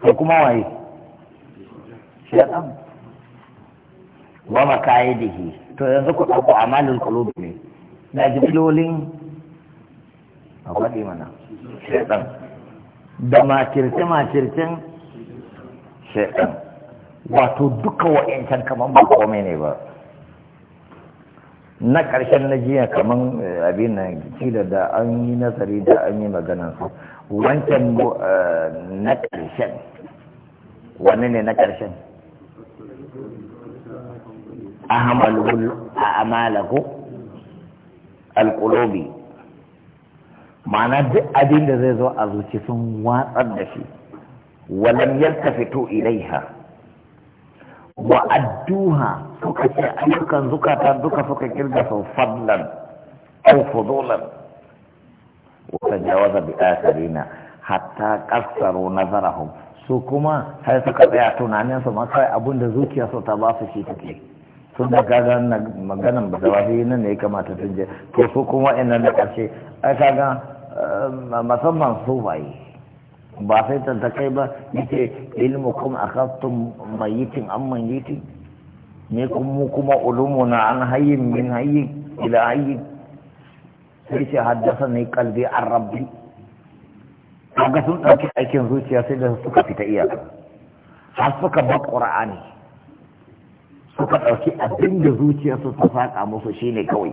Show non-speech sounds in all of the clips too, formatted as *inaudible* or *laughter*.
ko kuma waye shaitan da shi to yanzu ku ɗauko amalin kulubi ne na filolin. a faɗi mana shaitan da makirce makircen shaitan wato duka wa'yancan kamar ba komai ne ba na ƙarshen na jiya kamar eh, abin na kila da an yi nazari da an yi maganar su wancan eh, na ƙarshen wani ne na ƙarshen hamalul a amalaku alƙulobi ma'ana duk abin da zai zo a zuci sun watsar da shi walam yalta fito ilaiha wa adduha suka ce ayyukan zukata duka suka kirga sau fadlan ko fudulan wa tajawaza bi akharina hatta qassaru nazarahum su kuma sai suka tsaya tunanin su ma kai abin da zuciya su ta ba su shi take sun da gaga maganan ba da wasu nan ne ya kamata sun je to su kuma ina da ƙarshe ai kaga eh, musamman su baye ba sai ta ta kai ba yake ilmu kuma akhatum mayitin an mayitin ne kuma kuma ulumuna an hayyin min hayyin ila hayyin sai ce haddasa ne kalbi an rabbi kaga sun ɗauki aikin zuciya sai da suka fita iyaka har suka ba ƙura'ani suka ɗauki abin da zuciya su ta saƙa musu shine kawai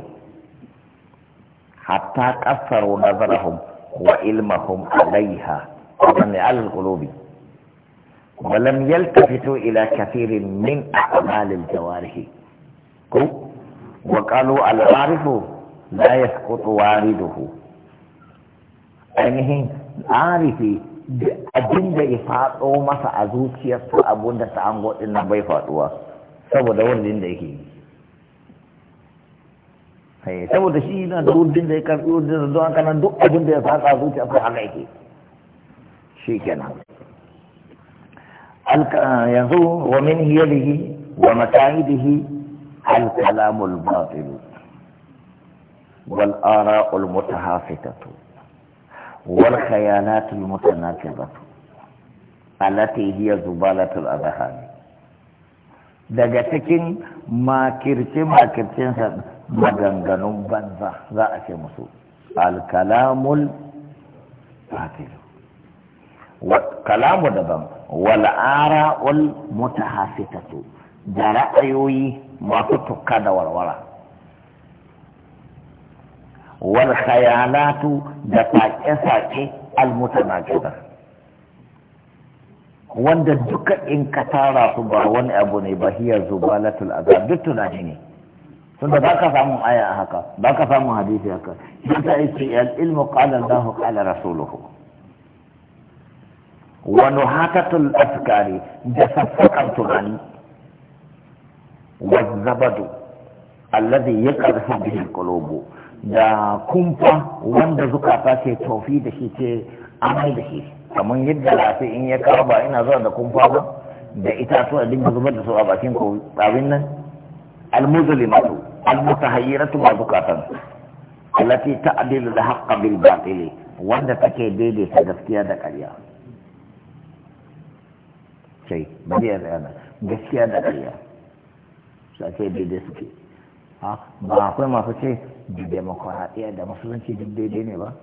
hatta ƙasar nazarahum wa ilmahum alaiha وطن على القلوب ولم يلتفتوا إلى كثير من أعمال الجوارح وقالوا العارف لا يسقط وارده أنه عارف أجل da ya faɗo masa a zuciyarsa abin da ta'ango ɗin nan bai faɗuwa saboda wurin da yake yi saboda shi yana da wurin da ya karfi wurin da zuwa kanan duk abin da ya faɗa zuciya zuciyarsa haka yake شيء كان هذا ومن يده ومكايده الكلام الباطل والآراء المتهافتة والخيانات المتناكبة التي هي زبالة الأذهان daga cikin makirce-makircen sa maganganun banza za a ce musu alkalamul batilu kalamu daban wal ara'ul mutahaffitatu da ra'ayoyi masu tukka da warwara wal khayalatu da sake-sake al wanda duka in ka tara su ba wani abu ne ba hiyar zubalatul azab duk tunani ne tunda ba ka aya haka ba ka samu hadisi haka yasa yake al ilmu qala Allahu qala rasuluhu wani hakatun afkari da sassakar tunani wazzabadu allazi ya karfi bihin kolobo da kumfa wanda zukata ke tofi da shi ce amai da shi kamar yadda lafi in ya kawo ba ina zuwa da kumfa ba da itatuwa dinga zubar da su a bakin ko abin nan almuzulimatu almutahayyiratu ma zukatan allati ta'dilu da haqqa bil batili wanda take daidaita gaskiya da ƙarya sai ba ya tsaya gaskiya da ƙarya su ce daidai suke ba akwai masu ce da demokuraɗiyya da musulunci duk daidai ne ba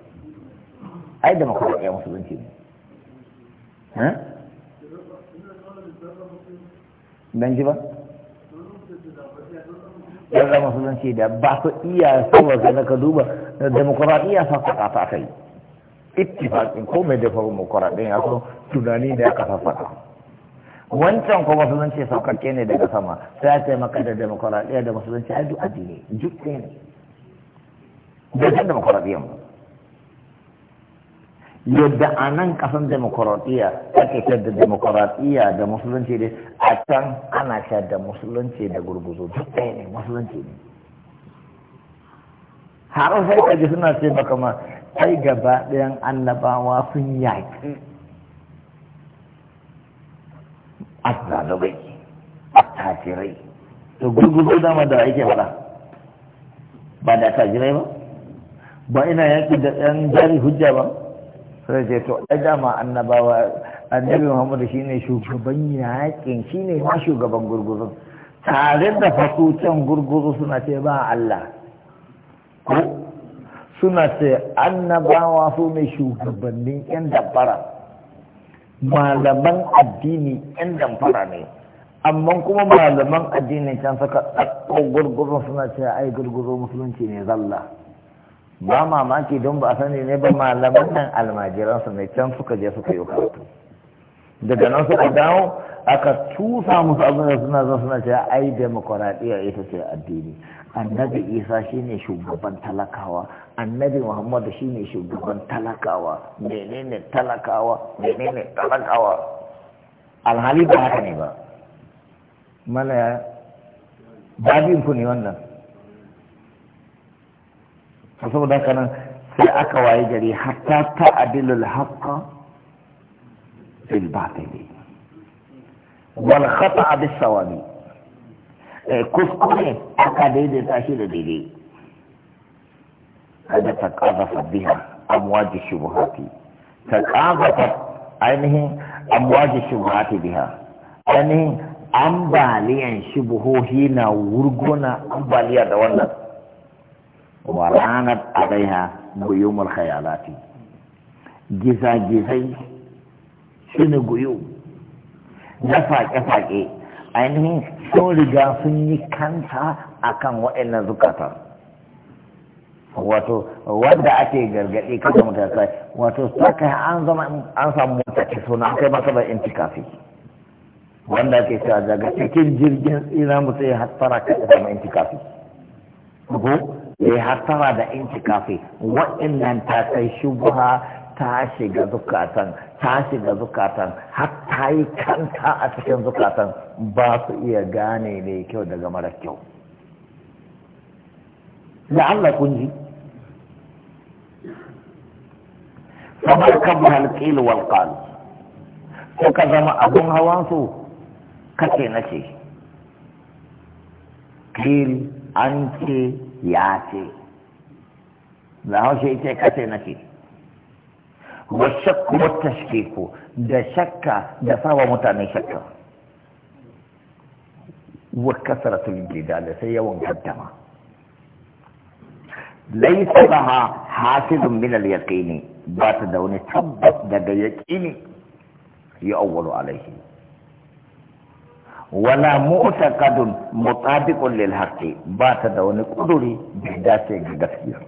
ai demokuraɗiyya musulunci ne dan ji ba yadda musulunci da ba su iya saboda na ka duba da demokuraɗiyya fa faɗa ta kai ittifaƙin ko mai dafa demokuraɗiyya ya so tunani da ya kafa faɗa wancan ko musulunci saukakke ne daga sama sai ya ce maka da demokuraɗiyya da musulunci ai duk ne jikin ne da san demokuraɗiyya mu yadda a nan ƙasan demokuraɗiyya ake shar da demokuraɗiyya da musulunci ne a can ana shar da musulunci da gurguzu jikin ne musulunci ne har sai ji suna ce maka ma kai gaba ɗayan annabawa sun yaƙi azzalubai attajirai to da ma da ake faɗa ba da attajirai ba ba ina yaƙi da yan jari hujja ba sai ce to ai dama annabawa annabi muhammadu shine shugaban yaƙin shine ma shugaban gurguzo tare da fakutan gurguzo suna ce ba Allah ko suna ce annabawa su ne shugabannin yan dabbara malaman addini yan damfara ne amma kuma malaman addinin can suka ɗaɗɗo gurgurun suna cewa ai gurgurun musulunci ne zalla ba mamaki don ba a sani ne ba malaman nan almajiransu ne can suka je suka yi karatu daga nan suka dawo aka tusa musu abin da suna zan suna cewa ai demokuraɗiyya ita ce addini annabi isa shine shugaban talakawa annabi muhammadu shine shugaban talakawa menene talakawa menene talakawa alhali ba haka ne ba mana babin ku ne wannan saboda haka nan sai aka waye gari hatta ta'adilul haqqa fil batili wal khata'a bis sawabi eh, kuskure aka daidaita shi da daidai kada ta kazafa biha amwaji shubuhati ta kazafa ainihin amwaji shubuhati biha ainihin ambaliyan shubuhohi na wurgona ambaliya da wannan wa ranar alaiha guyumul khayalati gizagizai shi ne guyum na faƙe-faƙe ainihin sun riga sun yi kanta a kan waɗannan zukatan, wato wanda ake kan kada mutane wato ta kai an zama an samu mutane suna kai masa da kafi wanda ake cewa daga cikin jirgin tsira mutu ya hattara ka zama kafi ko ya hattara da inci intikafi waɗannan ta kai shubuha ta shiga zukatan ta shiga zukatan har ta yi kanta a cikin zukatan ba su iya gane mai kyau daga mara kyau la'alla kun ji kamar kan halƙil wal ko ka zama abin hawan su kace na ce kil an ce ya ce za haushe ce kace na ce والشك والتشكيك ده شك ده سوى متاني شك وكثرة الجدال سيوان ومقدمة ليس لها حاصل من اليقين بات دون تبت دق يقين يؤول عليه ولا معتقد مطابق للحق بات دون قدري بذاته قدسية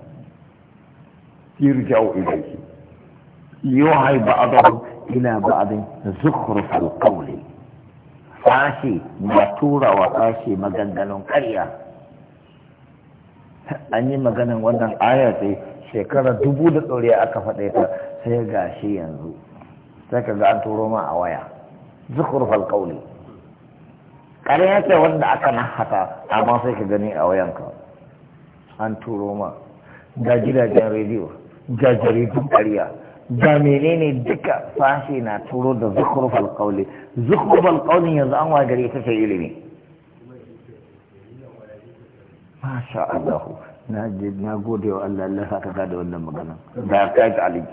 يرجع إليه يوحي بعضهم إلى بعض زخرف القول فاشي مطورة وفاشي مجندل كريا an yi maganin wannan aya ce shekara dubu da ɗore aka faɗe ta sai ga shi yanzu sai ka ga an turo ma a waya zukur falƙauli ƙarya ce wanda aka nahata amma sai ka gani a wayanka an turo ma ga gidajen rediyo ga jaridun ƙarya جاميليني دكا فاشينا تورود زخرف القول زخرف القول يا زعما غري ما شاء الله نجد نقول يا الله الله هكذا ده ولا مغنى بعتاج عليك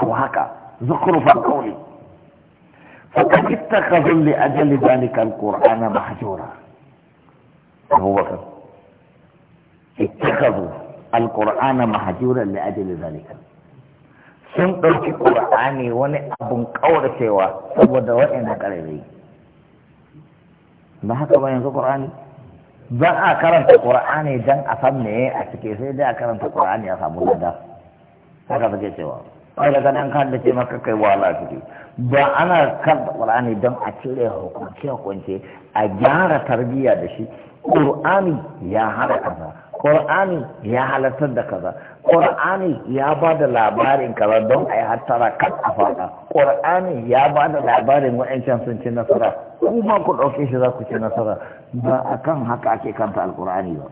هو زخرف القول فقد اتخذوا لاجل ذلك القران مهجورا هو بكر اتخذوا القران مهجورا لاجل ذلك sun ɗauki ƙur'ani wani abun ƙauracewa saboda waɗanda ƙarfi ba haka ba yanzu ƙur'ani ba a karanta ƙur'ani don a san me a cike sai dai a karanta ƙur'ani a samu lada haka suke cewa ai daga nan kan da ce maka kai wahala ciki ba ana karanta ƙur'ani don a cire hukunce hukunce a gyara tarbiyya da shi ƙur'ani ya hana kaza ƙur'ani ya halartar da kaza Qur'ani ya ba da labarin kamar don a yi hattara kan a faɗa. Ƙur'ani ya ba da labarin wa'ancan sun ci nasara. Kuma ku ɗauke shi za ku ci nasara. Ba a kan haka ake kanta Al-Qur'ani ba.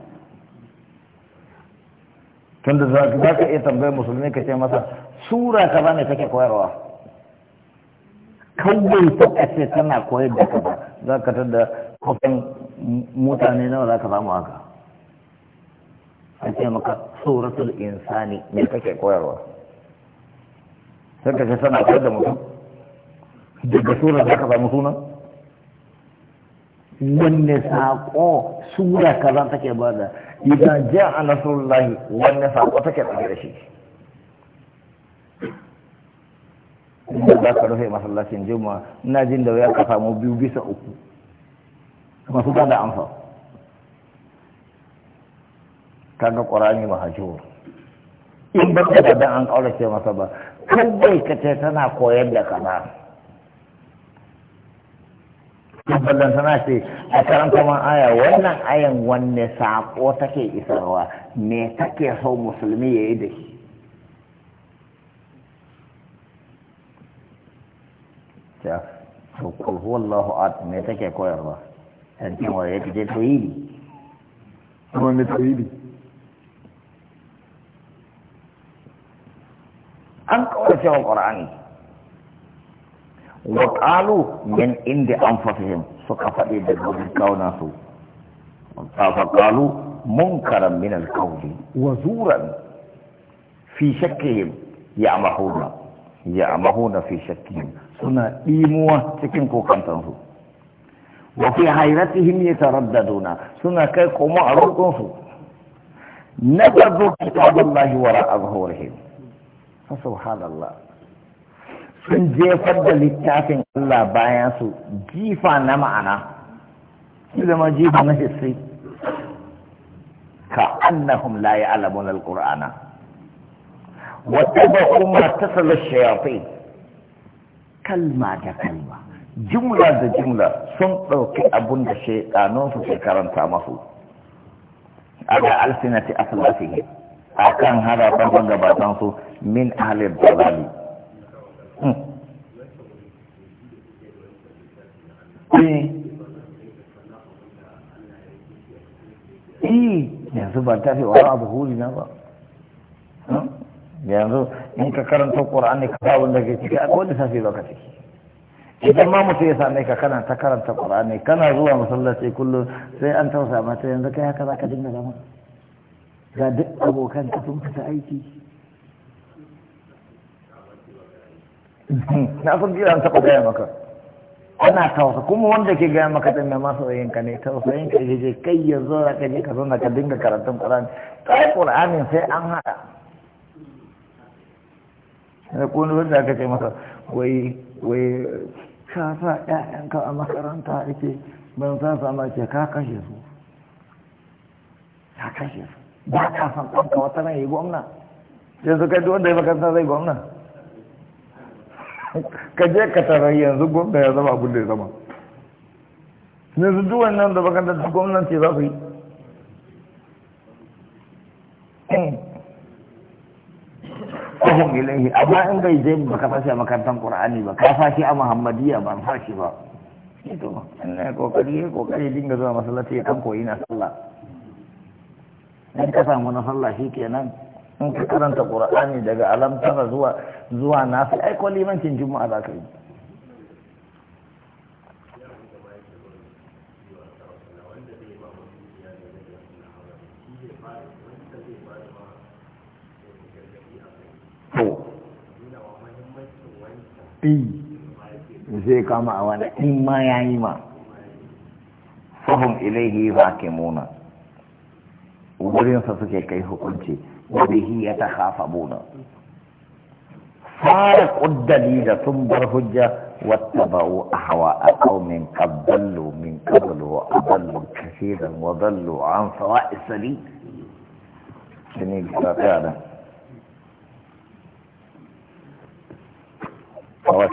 Tunda za ka iya tambayar musulmi ka ce masa sura ba ne take koyarwa. Kawai ta ƙashe tana koyar da ka ba. za ka tada kofin mutane nawa za ka samu haka. an ce maka tsoratul insani ne kake koyarwa sai ka ce sana koyar da mutum daga sura za ka samu suna wanne saƙo sura ta take ba da idan ja a nasarullahi wanne saƙo take ɗan da shi inda za ka rufe masallacin juma'a ina jin da ya ka samu biyu bisa uku masu ba da amsa kaga qur'ani mahjur in ba ka dan an kaurace masa ba kawai ka ce tana koyar da In tabbalin tana ce a karanta man aya wannan ayan wanne saƙo take isarwa me take so musulmi ya yi da shi ta to kul huwallahu at me take koyarwa tantin wa ya je tauhidi kuma me tauhidi an kawarce wa ƙur'ani wa ƙalu min inda an fasihim suka faɗi da gudun kauna su fa ƙalu munkaran min alƙauli wa zuran fi shakkihim ya mahuna ya mahuna fi shakkihim suna ɗimuwa cikin kokantansu wa fi hairatihim yataraddaduna suna kai koma a roƙonsu نبذوا كتاب الله a ظهورهم subhanallah sun jefar da littafin Allah bayan su jifa na ma'ana su zama jifa na hissi ka annahum la ya'lamun alqur'ana wa tabu ma tasala shayatin kalma da kalma jumla da jumla sun ɗauki abun da su ke karanta masu aga alfinati aslafihim akan harafan su. min ahli dalali hmm. eh. eh yanzu ba ta fi wa abu huri na ba hmm. yanzu in ka karanta ƙura'ani ka sabon da ke ciki a kowane safi ba ka ciki idan ma mutum ya same ka kana ta karanta qur'ani kana zuwa masallaci kullum sai an tausa mata yanzu kai haka za ka dinga zama ga duk abokan ka sun fita aiki *laughs* na san jiya an taɓa gaya maka ana tausa kuma wanda ke gaya maka din na masoyin ka ne tausayin ka je kai ya zo za ka je ka zauna ka dinga karatun qur'ani kai ƙur'ani sai an haɗa da kuma wanda aka ce masa wai wai ka sa ƴaƴanka a makaranta ake ban san sama ce ka kashe su ka kashe su ba ka san ɗanka wata ya yi gwamna yanzu kai duk wanda ya makaranta zai gwamna ka je ka tarar yanzu gwamna ya zama abin da ya zama yanzu duwan nan da baka da ce za su yi ƙahun ilahi amma in bai je ba ka fashe makarantar ƙur'ani ba ka fashe a muhammadiyya ba fashe ba ito ina kokari ya kokari dinga zuwa masallaci ya kan koyi na sallah in ka samu na sallah shi kenan in ka karanta qur'ani daga alam tara zuwa zuwa nasu ai ko limancin juma'a za ka yi zai kama a wani in ma ya yi ma fahim ilaihi wurin wurinsa suke kai hukunci وبه يتخاصمون فارق الدليل ثم الحجة واتبعوا أحواء قوم قد ضلوا من قبل وأضلوا كثيرا وضلوا عن سواء السبيل سنين فعلا